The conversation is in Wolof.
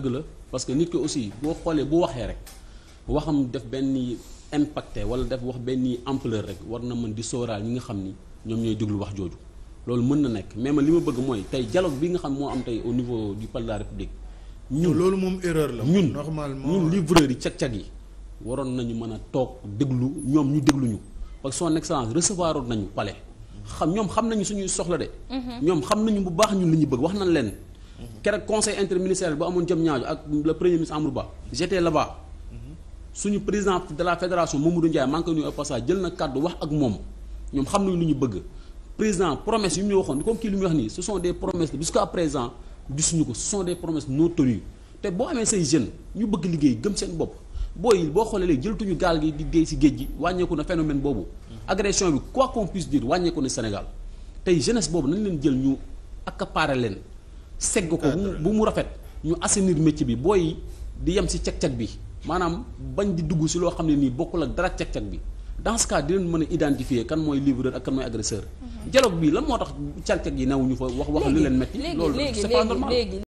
dëgg la parce que nit ko aussi boo xoolee bu waxee rek waxam def benn impacté wala def wax benn ampleur rek war na mën di sóoraal ñi nga xam ni ñoom ñooy déglu wax jooju loolu mën na nekk mais man li ma bëgg mooy tey dialogue bi nga xam moo am tey au niveau du palais de la république ñun loolu moom erreur la ñun normalement ñun livreurs yi cag-cag yi waroon nañu mën a toog déglu ñoom ñu dégluñu parce que son excellence recevoir oon nañu palais xam ñoom xam nañu suñuy soxla de mm-hmm. ñoom xam nañu bu baax ñun li bëgg wax nañ leen keroog conseil interministériel bu amoon jëm ñaaju ak le premier ministre Amadou Ba j'étais suñu président de la fédération Mamadou Ndiaye maa ngi koy nuyu au passage jël na kàddu wax ak moom ñoom xam nañu lu ñu bëgg président promesse yu mu waxoon comme kii lu muy wax nii ce sont des promesses jusqu'à présent gisuñu ko ce sont des promesses non te boo amee say jeunes ñu bëgg liggéey gëm seen bopp booy boo xoolee léegi jëlatuñu gaal gi di dee ci géej gi wàññeeku na phénomène boobu. agression bi quoi qu'on puisse dire wàññeeku na Sénégal tey jeunesse boobu nañ leen jël ñu accaparer leen. segg ko bu mu rafet ñu assainir métier bi booy di yem si cag-cag bi maanaam bañ di dugg si loo xam ne nii bokkul ak dara cag-cag bi dans ce cas di leen mën a identifier kan mooy livreur ak kan mooy agresseur mhm. dialogue bi lan moo tax cag-cag yi ñu fa wax wax lu leen metti loolu c'est pas normal